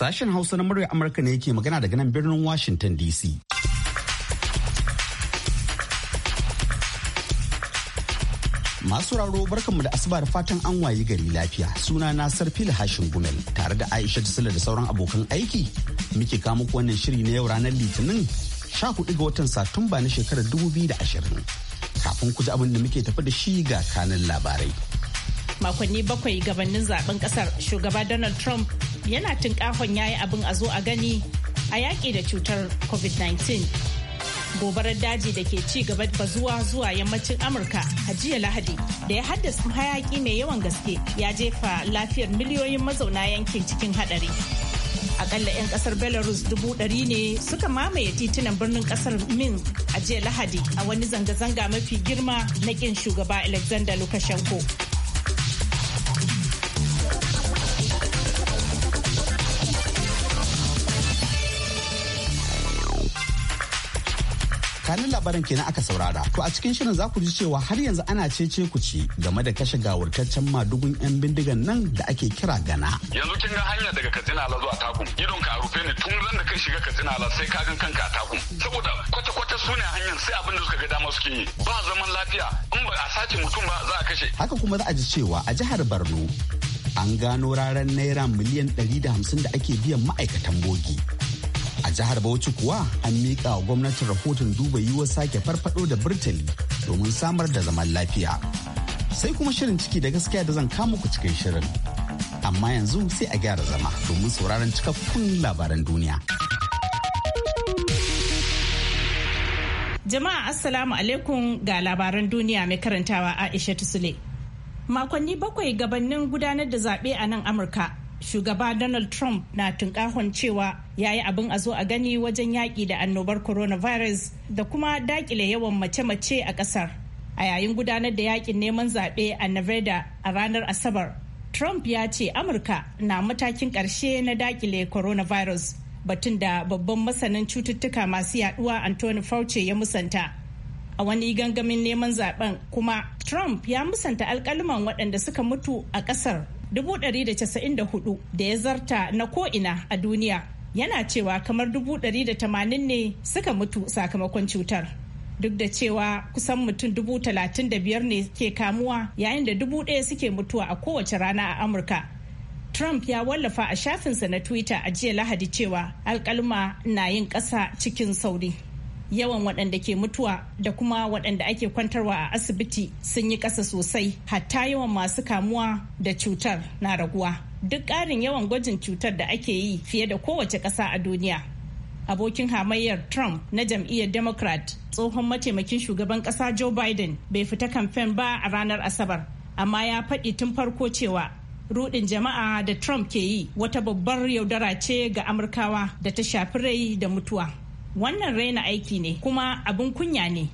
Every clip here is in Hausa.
Sashen Hausa na murya Amurka ne yake magana daga nan birnin Washington DC. Masu raro barkanmu da asuba fatan an wayi gari lafiya suna na sarfil hashin gumel tare da Aisha Sula da sauran abokan aiki muke kamo wannan shiri na yau ranar litinin 14 ga watan Satumba na shekarar 2020. kafin ku ji abin da muke tafi da shi ga kanin labarai. Makonni bakwai gabanin zaben kasar shugaba Donald Trump yana ya yayi abin a zo a gani a yaƙi da cutar covid-19 gobarar daji da ke ci gaba bazuwa zuwa yammacin amurka a jiya lahadi da ya haddasa hayaki mai yawan gaske ya jefa lafiyar miliyoyin mazauna yankin cikin hadari akalla 'yan kasar belarus dubu ɗari ne suka mamaye titunan birnin kasar min a jiya lahadi a wani zanga-zanga mafi girma na kin shugaba alexander lukashenko tsakanin labaran kenan aka saurara to a cikin shirin za ku ji cewa har yanzu ana cece ku ci game da kashe gawurtaccen madugun yan bindigan nan da ake kira gana yanzu kin ga hanya daga katsina la zuwa takum idon ka rufe ni tun zan da kai shiga katsina la sai ka gan kanka a takum saboda kwata kwata su ne hanyar sai abin da suka ga dama suke yi ba zaman lafiya in ba a sace mutum ba za a kashe haka kuma za a ji cewa a jihar barno an gano raran naira miliyan 150 da ake biyan ma'aikatan bogi A jihar Bauchi kuwa an miƙa wa gwamnatin rahoton duba yiwuwar sake farfado da Birtali domin samar da zaman lafiya. Sai kuma shirin ciki da gaskiya da zan kama ku cikin shirin. Amma yanzu sai a gyara zama domin sauraron cikakkun labaran duniya. Jama'a Assalamu alaikum ga labaran duniya mai karantawa Aisha Tusule. Makonni bakwai gabanin gudanar da zaɓe a nan Amurka, shugaba donald trump na tunkahon cewa ya yi abin a zo a gani wajen yaƙi da annobar coronavirus da kuma daƙile yawan mace-mace a ƙasar a yayin gudanar da yaƙin neman zaɓe a nevada a ranar asabar trump ya ce amurka na matakin ƙarshe na daƙile coronavirus batun da babban masanin cututtuka masu yaduwa anthony fauci ya musanta a wani gangamin neman zaben kuma trump ya musanta alkaliman waɗanda suka mutu a ƙasar 194 da ya zarta na ko'ina a duniya yana cewa kamar 180 ne suka mutu sakamakon cutar duk da cewa kusan mutum dubu talatin da biyar ne ke kamuwa yayin da dubu ɗaya suke mutuwa a kowace rana a amurka trump ya wallafa a shafinsa na twitter a jiya lahadi cewa alkalma na yin ƙasa cikin sauri yawan waɗanda ke mutuwa da kuma waɗanda ake kwantarwa a asibiti sun yi ƙasa sosai hatta yawan masu kamuwa da cutar na raguwa duk ƙarin yawan gwajin cutar da ake yi fiye da kowace ƙasa a duniya abokin hamayyar trump na jam'iyyar democrat tsohon mataimakin shugaban ƙasa joe biden bai fita kamfen ba a ranar asabar amma ya faɗi tun farko cewa rudin jama'a da trump ke yi wata babbar yaudara ce ga amurkawa da ta shafi rai da mutuwa wannan raina aiki ne kuma abin kunya ne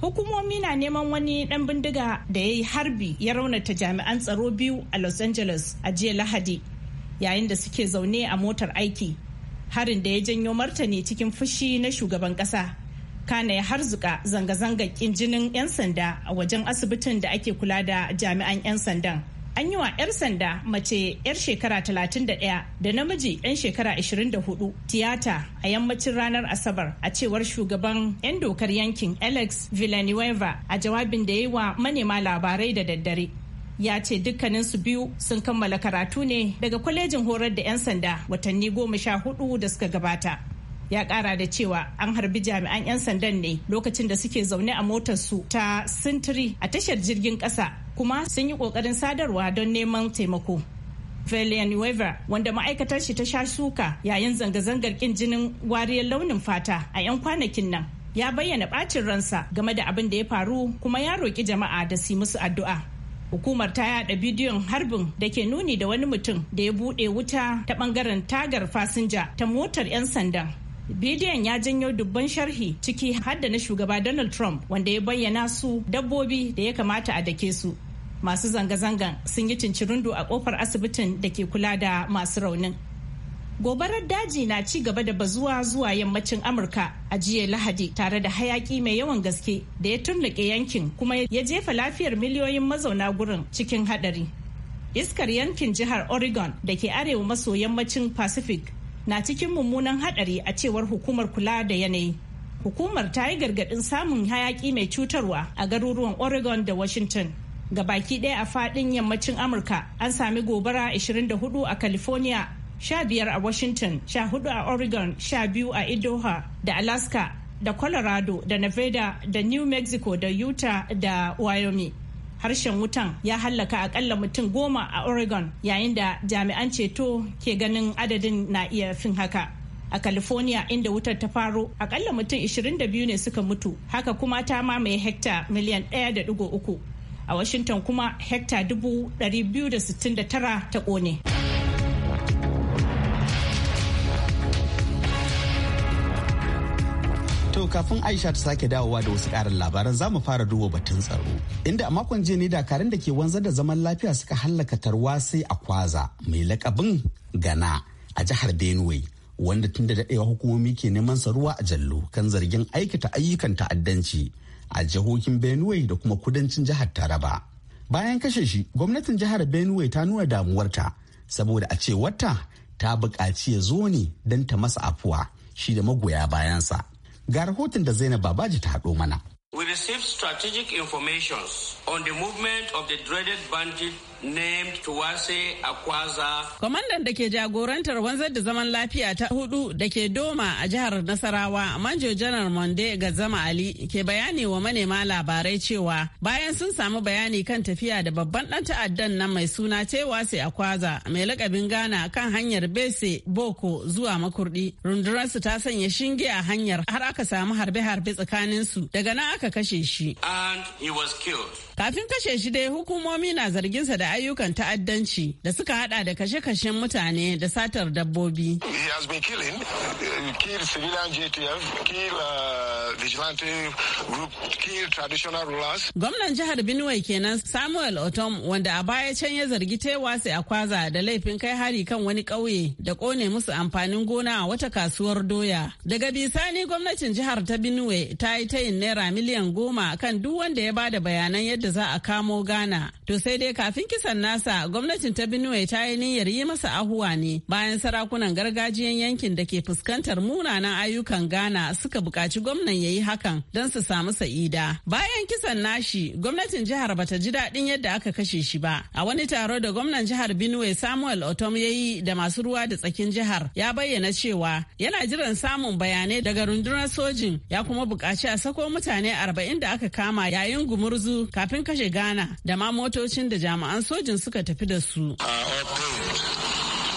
hukumomi na neman wani dan bindiga da ya yi harbi ya raunata jami'an tsaro biyu a los angeles a jiya lahadi yayin da suke zaune a motar aiki harin da ya janyo martani cikin fushi na shugaban kasa kana ya harzuka zanga-zangar kin jinin 'yan sanda a wajen asibitin da ake kula da jami'an 'yan sandan an yi wa 'yar sanda mace 'yar shekara 31 da namiji 'yan shekara 24 tiyata a yammacin ranar asabar a cewar shugaban 'yan dokar yankin alex villanueva a jawabin da ya yi wa manema labarai da daddare ya ce dukkaninsu biyu sun kammala karatu ne daga kwalejin horar da 'yan sanda watanni goma sha hudu da suka gabata ya kara da cewa an harbi jami'an 'yan sandan ne lokacin da suke zaune a motar su ta sintiri a tashar jirgin ƙasa kuma sun yi ƙoƙarin sadarwa don neman taimako Valian Weaver wanda ma'aikatar shi ta sha shuka yayin zanga-zangar ƙin jinin wariyar launin fata a 'yan kwanakin nan ya bayyana ɓacin ransa game da abin da ya faru kuma ya roƙi jama'a da su musu addu'a. hukumar ta yada bidiyon harbin da ke nuni da wani mutum da ya buɗe wuta ta ɓangaren tagar fasinja ta motar 'yan sandan Bidiyon ya janyo dubban sharhi ciki hadda na shugaba Donald Trump wanda ya bayyana su dabbobi da ya kamata a dake su. Masu zanga-zangan sun yi cincirundu a kofar asibitin da ke kula da masu raunin. Gobarar daji na ci gaba da bazuwa zuwa yammacin Amurka a jiya Lahadi tare da hayaki mai yawan gaske da ya tunnuke yankin kuma ya jefa lafiyar miliyoyin mazauna gurin cikin hadari. Iskar yankin jihar Oregon da ke arewa maso yammacin Pacific na cikin mummunan hadari a cewar hukumar kula da yanayi hukumar ta yi gargadin samun hayaki mai cutarwa a garuruwan oregon da washington ga baki ɗaya a faɗin yammacin amurka an sami gobara 24 a california 15 a washington 14 a oregon 12 a idaho da alaska da colorado da nevada da new mexico da utah da wyoming harshen wutan ya hallaka akalla mutum goma a oregon yayin da jami'an ceto ke ganin adadin na iya fin haka a california inda wutar ta faro akalla mutum 22 ne suka mutu haka kuma ta mamaye hekta miliyan 1.3 a washington kuma hekta 269 ta kone. kafin Aisha ta sake dawowa da wasu karin labaran zamu fara duba batun tsaro. Inda a makon jiya ne dakarun da ke wanzar da zaman lafiya suka hallaka tarwa sai a kwaza mai lakabin gana a jihar Benue wanda tun da daɗewa hukumomi ke neman sa a jallo kan zargin aikata ayyukan ta'addanci a jihohin Benue da kuma kudancin jihar Taraba. Bayan kashe shi, gwamnatin jihar Benue ta nuna damuwarta saboda a cewarta ta buƙaci ya zo ne don ta masa afuwa shi da magoya bayansa. Ga rahoton da Zainab Babaji ta haɗo mana. We received strategic informations on the movement of the dreaded bandit named Tuwase Akwaza. Kwamandan da ke jagorantar wanzar da zaman lafiya ta hudu da ke Doma a jihar Nasarawa, Manjo Janar Monde Gazama Ali ke bayani wa manema labarai cewa bayan sun samu bayani kan tafiya da babban dan ta'addan na mai suna Tewase Akwaza mai lakabin Ghana kan hanyar Bese Boko zuwa Makurdi. Rundunarsu ta sanya shinge a hanyar har aka samu harbe-harbe tsakaninsu daga nan aka kashe shi. And he was killed. Kafin kashe shi dai hukumomi na zarginsa da ayyukan ta'addanci da suka hada da kashe-kashen mutane da satar dabbobi. He has been killing, uh, civilian JTF, uh, vigilante group, traditional rulers. Gwamnan jihar Benue kenan Samuel Otom wanda a baya can ya zargi a Akwaza da laifin kai hari kan wani ƙauye da kone musu amfanin gona a wata kasuwar doya. Daga bisani gwamnatin jihar ta Benue ta yi tayin naira miliyan goma kan duk wanda ya bada bayanan yadda yadda za a kamo Ghana. To sai dai kafin kisan nasa gwamnatin ta Benue ta yi niyyar yi masa ahuwa ne bayan sarakunan gargajiyan yankin da ke fuskantar munanan ayyukan Ghana suka buƙaci gwamnan ya yi hakan don su samu sa'ida. Bayan kisan nashi gwamnatin jihar bata ji daɗin yadda aka kashe shi ba. A wani taro da gwamnan jihar Benue Samuel Otom ya yi da masu ruwa da tsakin jihar ya bayyana cewa yana jiran samun bayanai daga rundunar sojin ya kuma buƙaci a sako mutane arba'in da aka kama yayin gumurzu kafin kafin kashe Ghana da ma motocin da jami'an sojin suka tafi da su. Are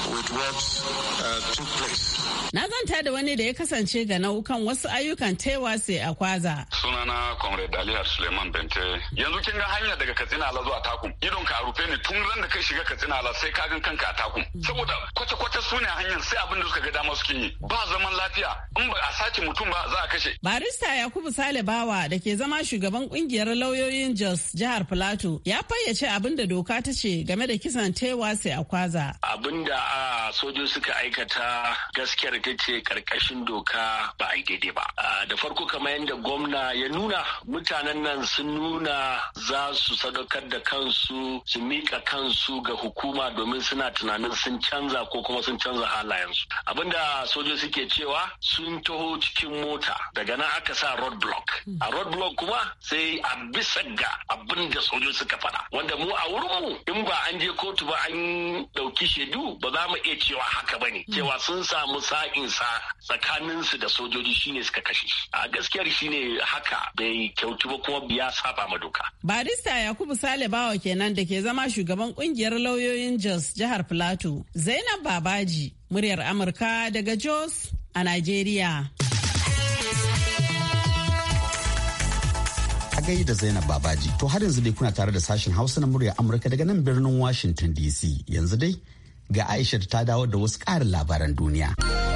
with what uh, took place. Na zanta da wani da ya kasance ga nau'ukan wasu ayyukan taiwa sai a kwaza. Sunana Comrade Aliyar Suleiman Bente. Yanzu kin ga hanya daga Katsina Ala zuwa Takum. Idon ka rufe ne tun ran da kai shiga Katsina Ala sai ka gan kanka a Takum. Mm. Saboda kwata-kwata su hanyar sai abin da suka ga dama suke yi. Ba zaman lafiya in ba a sace mutum ba za a kashe. Barista Yakubu Sale Bawa da ke zama shugaban kungiyar lauyoyin Jos jihar Filato ya fayyace abin da doka ta ce game da kisan taiwa sai a kwaza. Abin da ah, sojin suka aikata gaskiyar da ta ce karkashin doka ba a yi daidai ba. Da farko kamar yadda gwamna ya nuna mutanen nan sun nuna za su sadaukar da kansu su miƙa kansu ga hukuma domin suna tunanin sun canza ko kuma sun canza halayensu. Abinda sojoji suke cewa sun taho cikin mota daga nan aka sa roadblock. Hmm. A roadblock kuma sai a bisa ga abin da sojoji suka faɗa. Wanda mu a wurinmu in ba an je kotu ba an ɗauki shaidu ba za mu iya cewa haka ba ne. Hmm. Cewa sun samu sa sa'insa tsakaninsu da sojoji shine suka kashe shi a gaskiyar shine haka bai kyautu ba kuma ya saba ma doka barista yakubu sale bawa kenan da ke zama shugaban kungiyar lauyoyin jos jihar plateau zainab babaji muryar amurka daga jos a nigeria gai da Zainab Babaji. To har yanzu dai kuna tare da sashen Hausa na murya Amurka daga nan birnin Washington DC. Yanzu dai ga Aisha ta dawo da wasu ƙarin labaran duniya.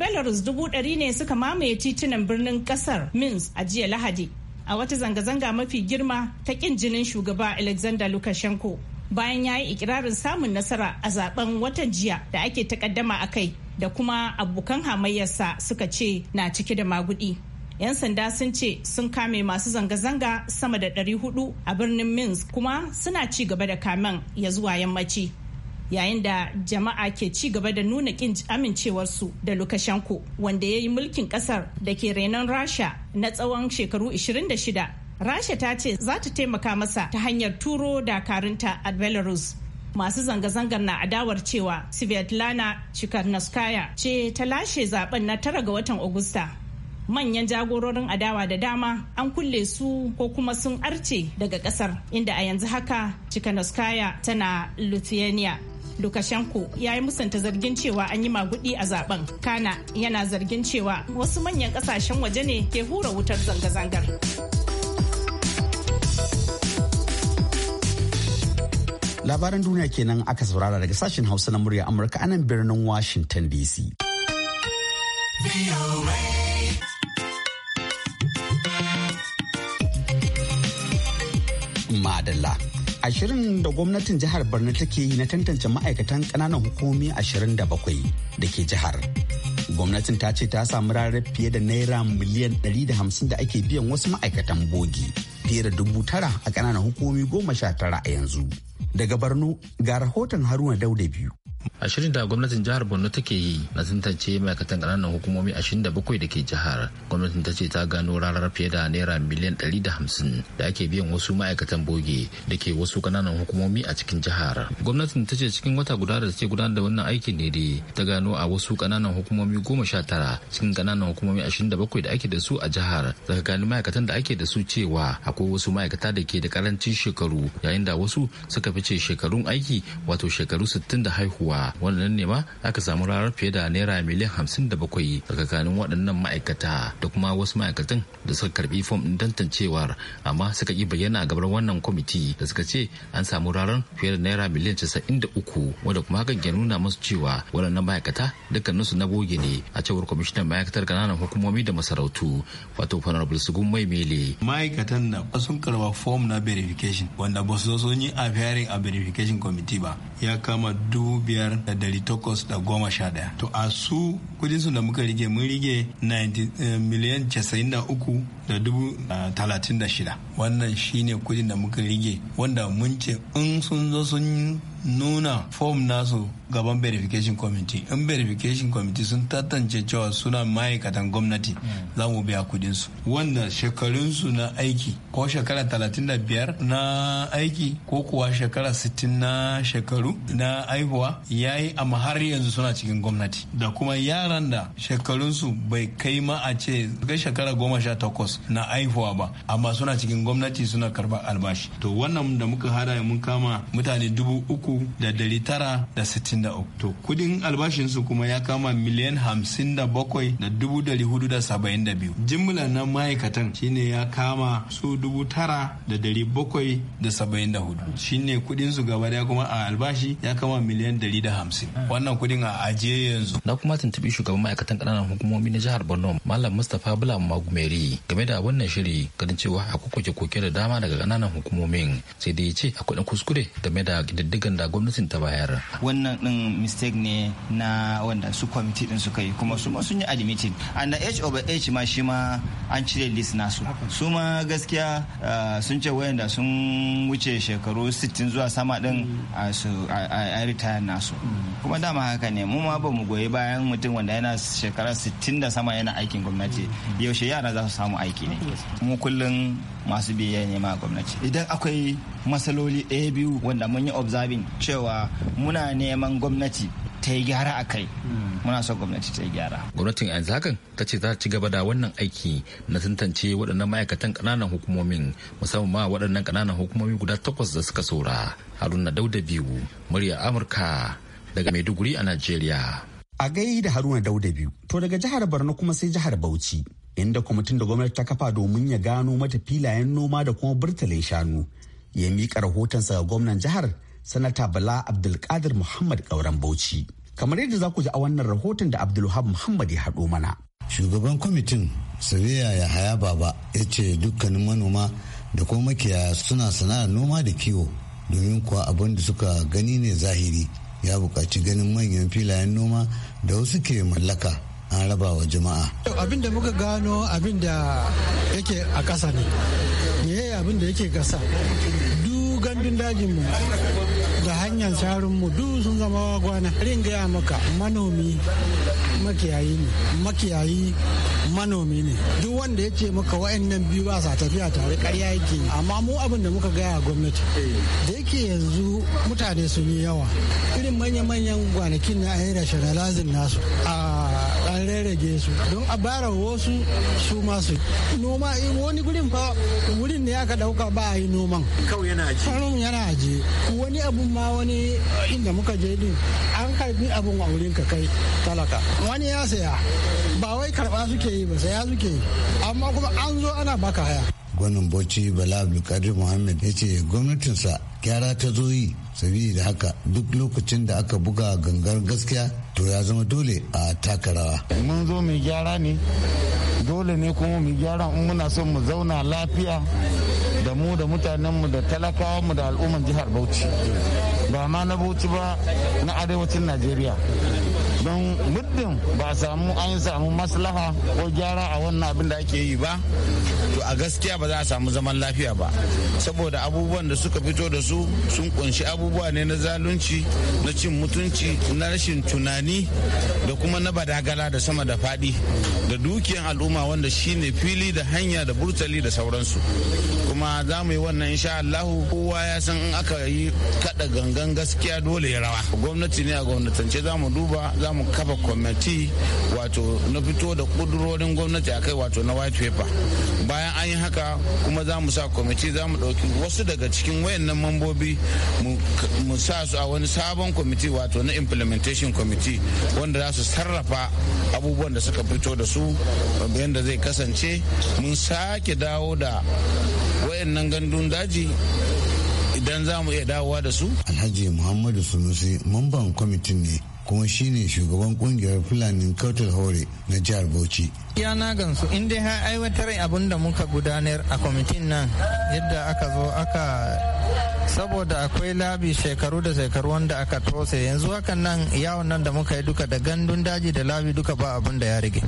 belarus dubu ɗari ne suka mamaye titunan birnin kasar minsk a jiya lahadi a wata zanga-zanga mafi girma ta ƙin jinin shugaba alexander lukashenko bayan ya yi ikirarin samun nasara a zaben watan jiya da ake takaddama a kai da kuma abokan hamayyarsa suka ce na cike da magudi. 'yan sanda sun ce sun kame masu zanga-zanga sama da 400 a birnin minsk kuma suna ci gaba da kamen ya zuwa yammaci yayin da jama'a ke ci gaba da nuna kin amincewarsu da lukashenko wanda ya yi mulkin kasar da ke renon rasha na tsawon shekaru 26 rasha ta ce za ta taimaka masa ta hanyar turo dakarunta a belarus masu zanga-zangar na adawar cewa svetlana chikarnaskaya ce ta lashe zaben na tara ga watan agusta manyan jagororin adawa da dama an kulle su ko kuma sun arce daga kasar inda a yanzu haka chikanoskaya tana lithuania Lukashenko ya yi musanta zargin cewa an yi magudi a zaben. Kana yana zargin cewa wasu manyan kasashen waje ne ke hura wutar zanga-zangar. Labaran duniya kenan aka saurara daga sashen Hausa na murya Amurka a nan birnin Washington DC. Madalla. Ashirin da gwamnatin jihar borno take yi na tantance ma'aikatan ƙananan hukumomi ashirin da bakwai da ke jihar gwamnatin ta ce ta samu rarar fiye da naira miliyan 150 da ake biyan wasu ma'aikatan bogi fiye da dubu tara a ƙananan hukumomi goma sha tara a yanzu daga borno ga rahoton haruna dauda biyu a shirin da gwamnatin jihar borno take yi na tantance ma'aikatan kananan hukumomi 27 da ke jihar gwamnatin ta ce ta gano rarar fiye da naira miliyan 150 da hamsin da ake biyan wasu ma'aikatan boge da ke wasu kananan hukumomi a cikin jihar gwamnatin ta ce cikin wata guda da take gudanar da wannan aikin ne dai ta gano a wasu kananan hukumomi goma sha tara cikin kananan hukumomi 27 da ake da su a jihar daga gani ma'aikatan da ake da su cewa akwai wasu ma'aikata da ke da karancin shekaru yayin da wasu suka fice shekarun aiki wato shekaru sittin da haihuwa wannan ne ma aka samu ranar fiye da naira miliyan hamsin da bakwai tsakanin waɗannan ma'aikata da kuma wasu ma'aikatan da suka karbi fom ɗin tantancewar amma suka yi bayyana a gabar wannan kwamiti da suka ce an samu rarar fiye da naira miliyan casa'in da uku wanda kuma hakan ke nuna musu cewa waɗannan ma'aikata dukkaninsu na boge ne a cewar kwamishinan ma'aikatar kananan hukumomi da masarautu wato fanarabul sugun mai mele. ma'aikatan na sun karba fom na verification wanda ba su zo sun yi a a verification committee ba ya kama dubu biyar ɗaya to a su kudinsu da muka rige mun rige eh, miliyan 93 da dubu eh, talatin da shida wannan shine kudin da muka rige wanda mun ce in sun zo sun nuna fom nasu gaban verification committee in verification committee sun tantance cewa suna ma'aikatan gwamnati hmm. za mu biya kudinsu wanda shekarunsu na aiki ko shekara 35 na aiki ko kuwa shekara 60 na shekaru na aihuwa ya yi amma har yanzu suna cikin gwamnati da kuma yaran da shekarunsu bai kai ma a ce ga shekara 18 na aihuwa ba amma suna cikin gwamnati suna karba albashi to wannan da muka hada mun kama mutane dubu uku uku da dari tara da sittin da uku. kudin albashinsu kuma ya kama miliyan hamsin da bakwai da dubu dari hudu da saba'in da biyu. Jimla na ma'aikatan shine ya kama su dubu tara da dari bakwai da saba'in da hudu. Shine kudin su gaba daya kuma a albashi ya kama miliyan dari da hamsin. Wannan kudin a ajiye yanzu. Na kuma tuntuɓi shugaban ma'aikatan ƙananan hukumomi na jihar Borno Malam Mustapha Bula Magumeri game da wannan shiri ganin cewa akwai koke-koke da dama daga ƙananan hukumomin sai dai ya ce akwai kuskure game da diddigan da gwamnatin ta bayar wannan din mistake ne na wanda su kwamiti din suka yi kuma su ma sun yi admitting and h over h ma shi ma an cire list nasu su ma gaskiya uh, sun ce wayanda sun wuce shekaru 60 zuwa sama din uh, a retire nasu kuma dama haka ne mu ma ba mu goyi bayan mutum wanda yana shekara 60 da sama yana aikin gwamnati yaushe yara za su samu aiki ne mu kullum masu biyayya ne ma gwamnati idan akwai masaloli ɗaya biyu wanda mun yi observing cewa muna neman gwamnati ta yi gyara a kai hmm. muna son gwamnati ta yi gyara gwamnatin yanzu hakan ta ce za ta ci gaba da wannan aiki na tantance waɗannan ma'aikatan ƙananan hukumomin musamman ma waɗannan ƙananan hukumomi guda takwas da suka saura haruna dauda biyu murya amurka daga maiduguri a najeriya a gai da haruna dauda biyu to daga jihar borno kuma sai jihar bauchi inda kwamitin da gwamnati ta kafa domin ya gano mata filayen noma da kuma burtale shanu ya miƙa rahotonsa ga gwamnan jihar sanata bala abdulkadir muhammad ƙauren bauchi kamar yadda za ku ji a wannan rahoton da abdulhab muhammad ya haɗo mana shugaban kwamitin sariya ya haya baba ya ce dukkanin manoma da kuma makiyaya suna sana'ar noma da kiwo domin kuwa abin da suka gani ne zahiri ya buƙaci ganin manyan filayen noma da wasu ke mallaka an raba wa jama'a. abin da muka gano abin da yake a ƙasa ne abin da yake ƙasa kudin dajin mu da hanyar sarun mu duk sun zama wagwana rin gaya maka manomi makiyayi ne makiyayi manomi ne duk wanda ya ce maka wa'annan biyu ba sa tafiya tare karya yake amma mu abin da muka gaya gwamnati da yake yanzu mutane sun yi yawa irin manya-manyan gwanakin na ayyar nasu a an rarrage su don a bara wasu su masu noma eh, wani gurin fa wurin ne aka dauka ba a yi noman kawai yana aji kawai yana aji wani abun ma wani inda muka je din an karbi abun a wurin ka kai talaka wani ya saya ba wai karba suke yi ba saya suke yi amma kuma an zo ana baka haya gwanin bauchi bala abdulkadir muhammad ya ce gwamnatinsa gyara ta zo yi sabida haka duk lokacin da aka buga gangar gaskiya to ya zama dole a takarawa mun zo mu gyara ne dole ne kuma mu gyara in muna son mu zauna lafiya da mu da mutanenmu da talakawanmu da al'umman jihar bauchi ba ma na bauchi ba na arewacin najeriya don muddin ba samu an samu maslaha ko gyara a wannan abin da ake yi ba to a gaskiya ba za a samu zaman lafiya ba saboda abubuwan da suka fito da su sun kunshi abubuwa ne na zalunci na cin mutunci na rashin tunani da kuma na badagala da sama da faɗi da dukiyan al'umma wanda shine fili da hanya da burtali da sauransu kuma za mu yi wannan insha Allahu kowa ya san in aka yi kada gangan gaskiya dole ya rawa gwamnati ne a gwamnatance za mu duba za zamu mu kafa kwamiti wato na fito da kudurorin gwamnati akai wato na white paper bayan an yi haka kuma za mu sa kwamiti za mu ɗauki wasu daga cikin wayannan mambobi mu sa su a wani sabon kwamiti wato na implementation committee wanda za su sarrafa abubuwan da suka fito da su yadda zai kasance mun sake dawo da wayannan gandun daji idan za mu iya dawowa da su. Alhaji Muhammadu Sunusi mamban kwamitin ne kuma shi ne shugaban kungiyar fulani kautal hore na jihar bauchi ya na gansu in dai aiwatar abin da muka gudanar a kwamitin nan yadda aka zo aka saboda akwai labi shekaru da shekaru wanda aka tose yanzu hakan nan yawon nan da muka yi duka da gandun daji da labi duka ba abin da ya rage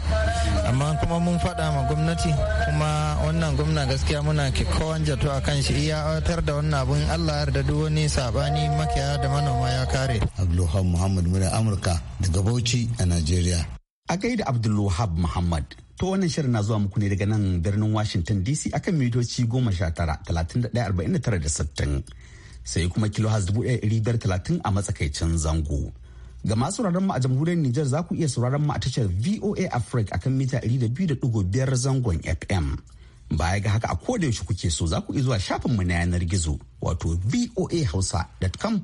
amma kuma mun faɗa ma gwamnati kuma wannan gwamna gaskiya muna kowan jato a kan shi iya awatar da wannan abin allah yarda duk wani sabani makiya da manoma ya kare abdulhamu muhammad muna amurka daga bauchi a najeriya a gaida abdulwahab muhammad to wannan shirin na zuwa muku ne daga nan birnin washington dc akan mitoci goma sha tara talatin da ɗaya arba'in da tara da sittin sai kuma kilo dubu ɗaya ɗari talatin a matsakaicin zango ga masu sauraron mu a jamhuriyar Nijar za ku iya sauraron mu a tashar voa africa akan mita ɗari da biyu da ɗigo biyar zangon fm baya ga haka a koda yaushe kuke so za ku iya zuwa mu na yanar gizo wato voahausa.com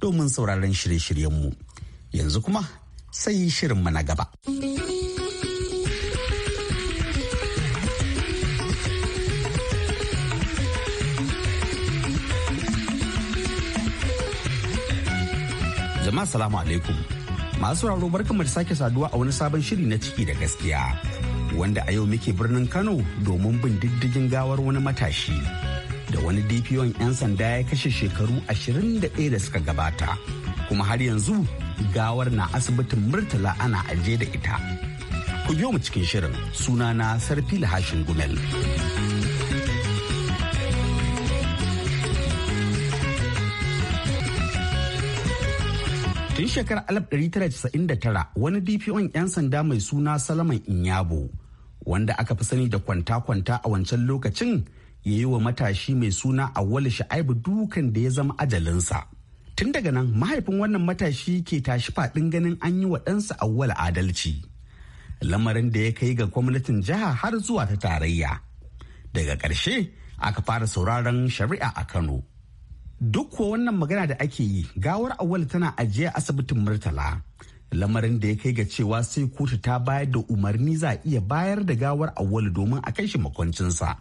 domin sauraron shirye shiryen mu yanzu kuma sai shirinmu na gaba. Jama'a salamu alaikum. Masu raro barkanmu da sake saduwa a wani sabon shiri na ciki da gaskiya. Wanda a yau muke birnin Kano domin bin diddigin gawar wani matashi. Da wani DPO 'yan sanda ya kashe shekaru 21 da suka gabata. kuma har yanzu gawar na asibitin murtala ana aje da ita ku biyo mu cikin shirin suna na sarfi Lahashin gumel tun shekarar 1999 wani dpon 'yan sanda mai suna salaman inyabo wanda aka fi sani da kwanta-kwanta a wancan lokacin ya yi wa matashi mai suna a wale sha'aibu dukan da ya zama ajalinsa tun daga nan mahaifin wannan matashi ke tashi faɗin ganin an yi wa ɗansa awwal adalci lamarin da ya kai ga gwamnatin jiha har zuwa ta tarayya daga ƙarshe aka fara sauraron shari'a a kano duk kuwa wannan magana da ake yi gawar awwal tana ajiye asibitin murtala lamarin da ya kai ga cewa sai kotu ta bayar da umarni za iya bayar da gawar awwal domin a kai shi makwancinsa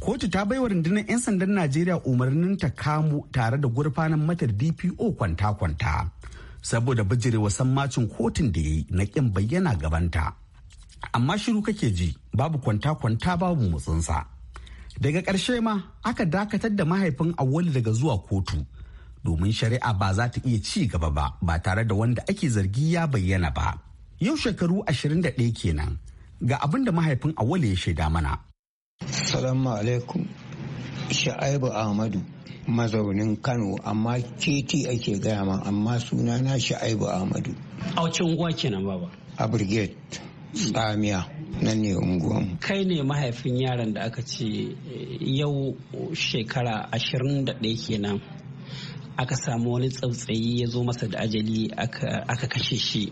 kotu ta baiwa rundunar 'yan sandan najeriya umarnin ta kamu tare da gurfanan matar dpo kwanta-kwanta saboda bijirewa sammacin kotun da ya yi na kin bayyana gabanta amma shiru kake ji babu kwanta-kwanta babu motsinsa daga ƙarshe ma aka dakatar da mahaifin awali daga zuwa kotu domin shari'a ba za ta iya ci gaba ba ba tare da wanda ake zargi ya bayyana ba yau shekaru ashirin da 21 kenan ga abin da mahaifin awali ya shaida mana Salamu alaikum. Sha'aibu Ahmadu mazaunin Kano amma keti ake gaya ma amma suna na Sha'aibu Ahmadu. A wacce unguwa kenan baba? A Brigade Tsamiya nan ne unguwa. Kai ne mahaifin yaran da aka ce eh, yau shekara ashirin da ɗaya kenan aka samu wani tsautsayi ya zo masa da ajali aka kashe shi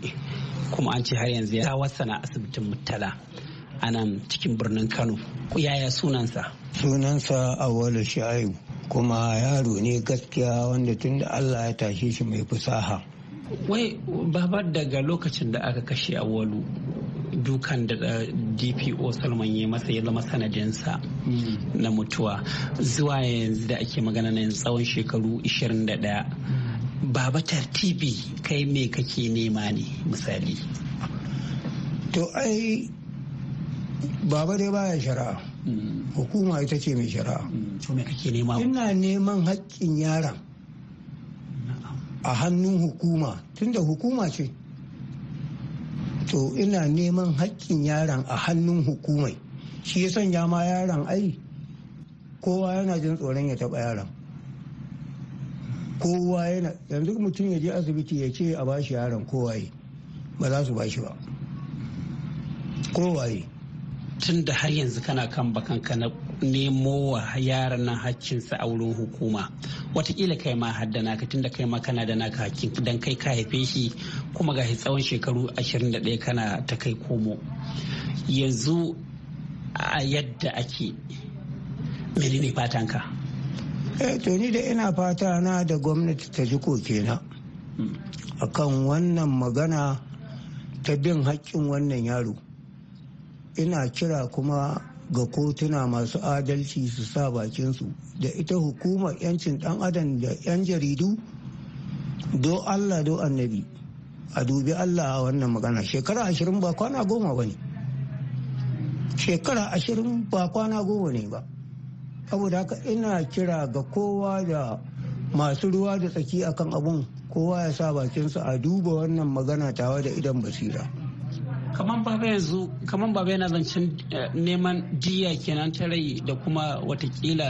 kuma an ce har yanzu ya wasana asibitin mutala. a nan cikin birnin Kano. Yaya sunansa? Sunansa wani sha'ayu kuma yaro ne gaskiya wanda tunda Allah ya tashe shi mai fusaha. Wai babar daga lokacin da aka kashe Awalu dukan da DPO Salman ya masa ya zama sanadinsa hmm. na mutuwa zuwa yanzu da ake magana na tsawon shekaru 21 baba tartibi kai me kake nema ne misali to ai baba dai baya shari'a mm. hukuma ita ce mai shari'a mm. ina neman haƙƙin yaron a hannun hukuma tunda hukuma ce to ina neman haƙƙin yaron a hannun hukumai shi ya sanya ma yaron ai kowa yana jin tsoron ya taɓa yaron kowa yana yanzu mutum ya je asibiti ya ce a bashi yaron kowaye ba za su bashi ba kowaye tun da har yanzu kana kan bakanka na nemo wa yaran nan hakkinsa a wurin hukuma watakila kai ma haddana ka tun da kai ma kana da naka hakkin dan kai ka haife shi kuma ga tsawon shekaru 21 kana ta kai komo yanzu a yadda ake menene fatanka eh to ni da ina fata na da gwamnati ta ji kokena hmm. akan wannan magana ta bin haƙƙin wannan yaro ina kira kuma ga kotuna masu adalci su sa bakinsu da ita hukumar 'yancin dan adam da 'yan jaridu do allah do annabi a dubi allah a wannan magana shekara ashirin ba kwana goma ba ne shekara ashirin ba kwana goma ne ba saboda haka ina kira ga kowa da masu ruwa da tsaki akan abun kowa ya sa bakinsa a duba wannan magana tawa da idan basira. kaman baba yanzu kaman baba yana zancen eh, neman diya kenan ta rai da kuma watakila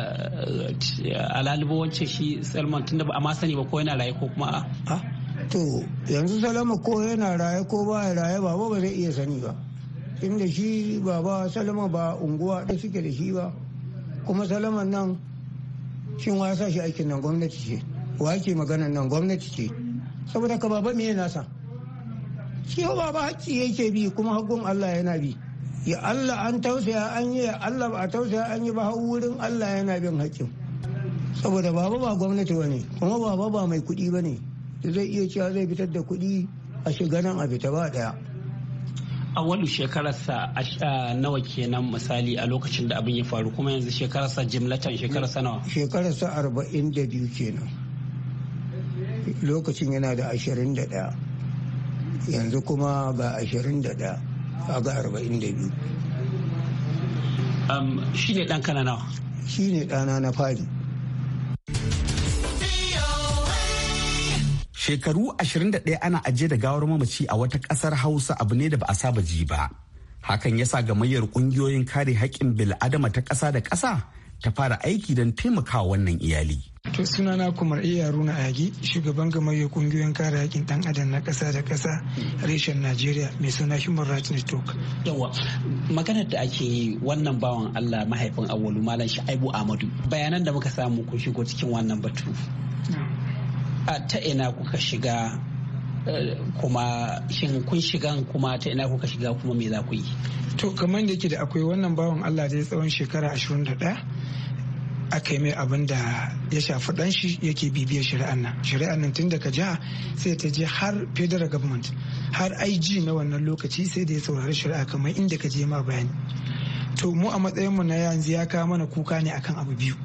eh, alalibo wacce shi salman tunda ba a ma sani ba ko yana raye ko kuma a to yanzu salama ko yana raye ko ba raye ba ba zai iya sani ba inda shi baba salama ba unguwa da suke da shi ba kuma salama nan shin wa sa shi aikin nan gwamnati ce wa ke maganan nan gwamnati ce saboda ka baba me nasa shi ba ba haƙƙi yake bi kuma haƙƙun Allah yana bi ya Allah an tausaya an yi ya Allah ba a tausaya an yi ba har wurin Allah yana bin haƙƙin saboda baba ba gwamnati ba ne kuma baba ba mai kuɗi ba ne zai iya cewa zai fitar da kuɗi a shiga nan a fita ba ɗaya a wani shekararsa nawa kenan misali a lokacin da abin ya faru kuma yanzu shekararsa jimlatan shekararsa nawa shekararsa arba'in da biyu kenan lokacin yana da ashirin da ɗaya yanzu kuma ga 21 ga 42 shi ne ɗan kanana shi ne ɗana na fari shekaru 21 ana ajiye da gawar mamaci a wata ƙasar hausa abu ne da ba a saba ji ba hakan yasa gamayyar ƙungiyoyin kare haƙƙin bil'adama ta ƙasa da ƙasa ta fara aiki don taimakawa wannan iyali. To sunana kumar iya Runa Agi shugaban gamayyar kungiyoyin kare yakin ɗan adam na ƙasa da ƙasa reshen Najeriya mai suna Human Rights Network. Yawa maganar da ake yi wannan bawan Allah mahaifin Awwalu Malam Sha'ibu Ahmadu bayanan da muka samu ku shigo cikin wannan batu. A ta ina kuka shiga kuma shin kun shiga kuma ta ina kuka shiga kuma me za ku yi to kamar yake da akwai wannan bawan Allah dai tsawon shekara 21 aka yi mai abin da ya shafi dan shi yake bibiyar shari'an nan shari'an nan tun daga jiha sai ta je har federal government har IG na wannan lokaci sai da ya saurari shari'a kamar inda ka je ma bayani to mu a matsayin mu na yanzu ya kawo mana kuka ne akan abu biyu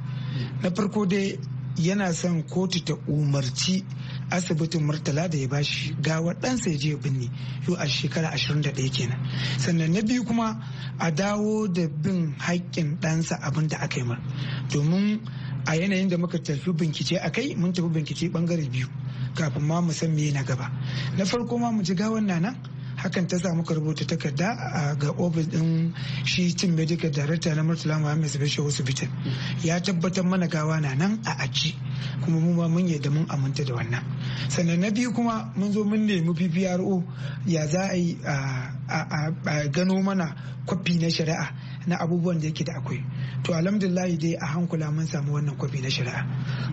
na farko dai yana son kotu ta umarci asibitin murtala da ya bashi gawa ɗansa ya je ya binne yau a shekara 21 kenan sannan na biyu kuma a dawo da bin haƙƙin ɗansa abin da aka yi mar domin a yanayin da muka tafi bincike a kai mun tafi bincike bangare biyu kafin ma mu san me na gaba na farko ma mu ji gawan Nana. hakan ta samu muka rubuta takarda ga ofis din shi tim medical director na murtala muhammed special hospital ya tabbatar mana gawa na nan a aji kuma mu ma mun yadda mun aminta da wannan sannan na biyu kuma mun zo mun nemi ppro ya za a yi a gano mana kwafi na shari'a na abubuwan da yake da akwai to alhamdulillahi dai a hankula mun samu wannan kwafi na shari'a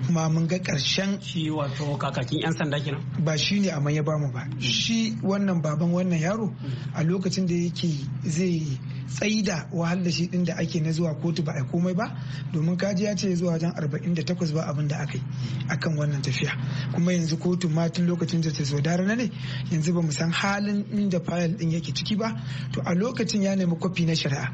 kuma mun ga karshen shi wato kakakin yan sanda kenan ba shi ne amma ya bamu ba mm. shi wannan baban wannan yaro mm. a lokacin da yake zai tsaida wahalar shi din da ake na zuwa kotu ba a komai ba domin kaji ya ce zuwa wajen 48 ba abin da aka yi akan wannan tafiya kuma yanzu kotu ma tun lokacin da ta zo dara na ne yanzu ba san halin inda fayil din yake ciki ba to a lokacin ya nemi kwafi na shari'a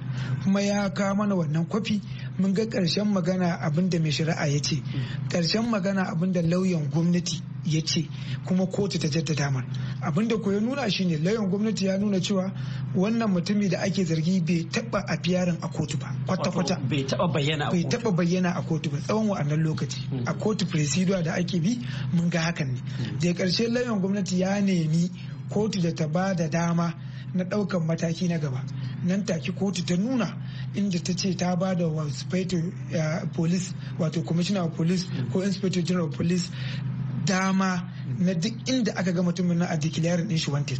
kuma ya kawo mana wannan kwafi mun ga ƙarshen magana abinda mai shari'a ya ce ƙarshen magana abinda lauyan gwamnati ya ce kuma kotu ta jaddada mar abinda ko ya nuna shine lauyan gwamnati ya nuna cewa wannan mutumi da ake zargi bai taba a fiyarin a kotu ba kwata-kwata bai taba bayyana a kotu ba tsawon wa'annan lokaci hmm. a kotu presidiwa da ake bi mun ga hakan ne hmm. da ƙarshe lauyan gwamnati ya nemi kotu da ta ba da dama na ɗaukan mataki na gaba nan take kotu ta nuna inda ta ce ta ba da inspector police wato commissioner of police ko inspector general of police dama na duk inda aka ga mutumin nan a declaring din shi wanted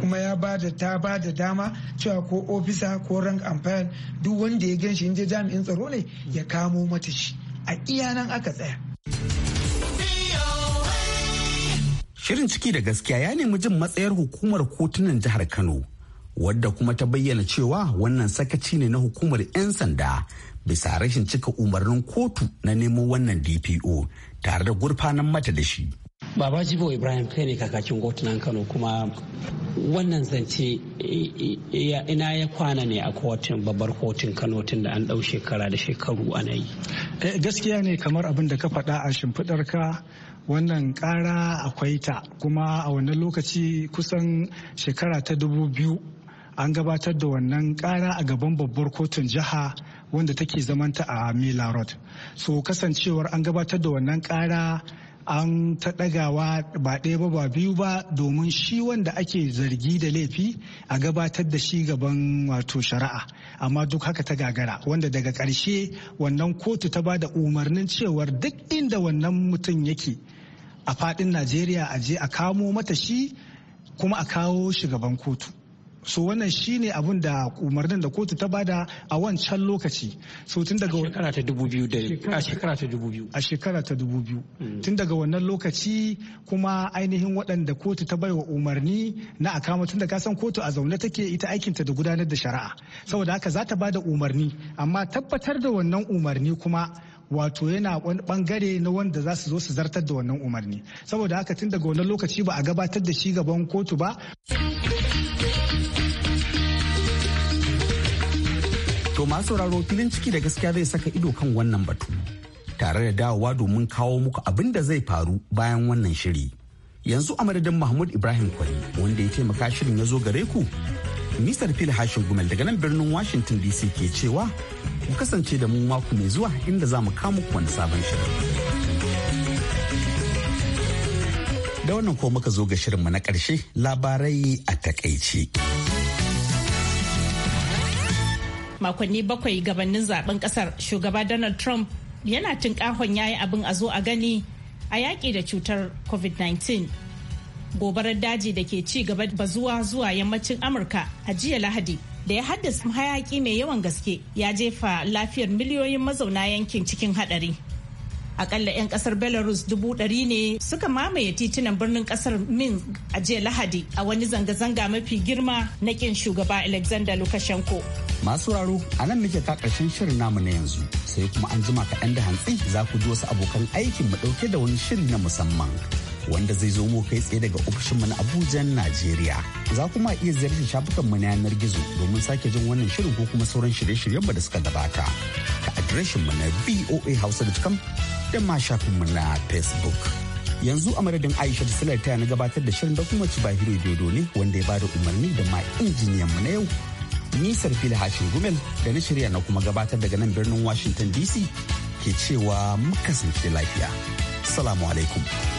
kuma ya bada ta ba da dama cewa ko ofisa ko rank and duk wanda ya gan shi inda jami'in tsaro ne ya kamo mata shi a iya nan aka tsaya Shirin ciki da gaskiya ya nemi jin matsayar hukumar kotunan jihar Kano wadda kuma ta bayyana cewa wannan sakaci ne na hukumar 'yan sanda bisa rashin cika umarnin kotu na neman wannan dpo tare da gurfanan mata da shi baba jibo ibrahim kai ne kakakin na kano kuma wannan zance eh, eh, ina ya kwana ne a kotun babbar kotun kano tun da an ɗau shekara da shekaru ana yi eh, gaskiya ne kamar abin da ka faɗa a shimfiɗar ka wannan kara akwai ta kuma a wannan lokaci kusan shekara ta dubu biyu an gabatar da wannan kara a gaban babbar kotun jiha wanda take zamanta a mila road so kasancewar an gabatar da wannan kara an ta ɗagawa ba ɗaya ba ba biyu ba domin shi wanda ake zargi da laifi a gabatar da shi gaban wato shari'a amma duk haka ta gagara wanda daga ƙarshe wannan kotu ta ba da umarnin cewar duk inda wannan mutum yake a faɗin najeriya a je a kamo mata shi kuma a kawo shi gaban kotu so wannan shine abun da umarnin da kotu ta bada a wancan lokaci so tun daga shekara ta dubu biyu a shekara ta dubu biyu a shekara ta dubu biyu mm. tun daga wannan lokaci kuma ainihin waɗanda kotu ta baiwa umarni na a kama tun da san kotu a zaune take ita aikinta da gudanar da shari'a saboda haka za ta bada umarni amma tabbatar da wannan umarni kuma wato yana bangare na wanda za su zo su zartar da wannan umarni saboda haka tun daga wannan lokaci ba a gabatar da shi gaban kotu ba masu sauraro filin ciki da gaskiya zai saka ido kan wannan batu. Tare da dawowa domin kawo muku abin da zai faru bayan wannan shiri. Yanzu a madadin Mahmud Ibrahim Kwari wanda ya taimaka shirin ya zo gare ku. Mr. Phil Hashin Gumel daga nan birnin Washington DC ke cewa ku kasance da mu mako mai zuwa inda za mu kamu wani sabon shirin. Da wannan ko muka zo ga shirinmu na karshe labarai a takaice. makonni bakwai gabanin zaben kasar shugaba donald trump yana ya yayi abin a zo a gani a yaƙi da cutar covid-19 gobarar daji da ke ci gaba bazuwa zuwa yammacin amurka a jiya lahadi da ya haddasa hayaki mai yawan gaske ya jefa lafiyar miliyoyin mazauna yankin cikin hadari akalla 'yan kasar belarus dubu ɗari ne suka mamaye titunan birnin kasar min a jiya lahadi a wani zanga-zanga mafi girma na kin shugaba alexander lukashenko Masu raro a nan muke ka ƙarshen shirin namu na yanzu sai kuma an jima kaɗan da hantsi za ku ji wasu abokan aikin mu ɗauke da wani shirin na musamman. Wanda zai zo mu kai tsaye daga ofishin mu na Abuja, Najeriya. Za kuma iya ziyarci shafukanmu na yanar gizo domin sake jin wannan shirin ko kuma sauran shirye-shiryen da suka gabata. Ta mu na Hausa da da ma shafinmu na Facebook. yanzu a madadin aisha da silar taya na gabatar da shirin da kuma ci bahiro dodo ne wanda ya bada umarni da ma injiniyan mu na yau nisar fili hashin gumel da na shirya na kuma gabatar daga nan birnin washington dc ke cewa muka lafiya salamu alaikum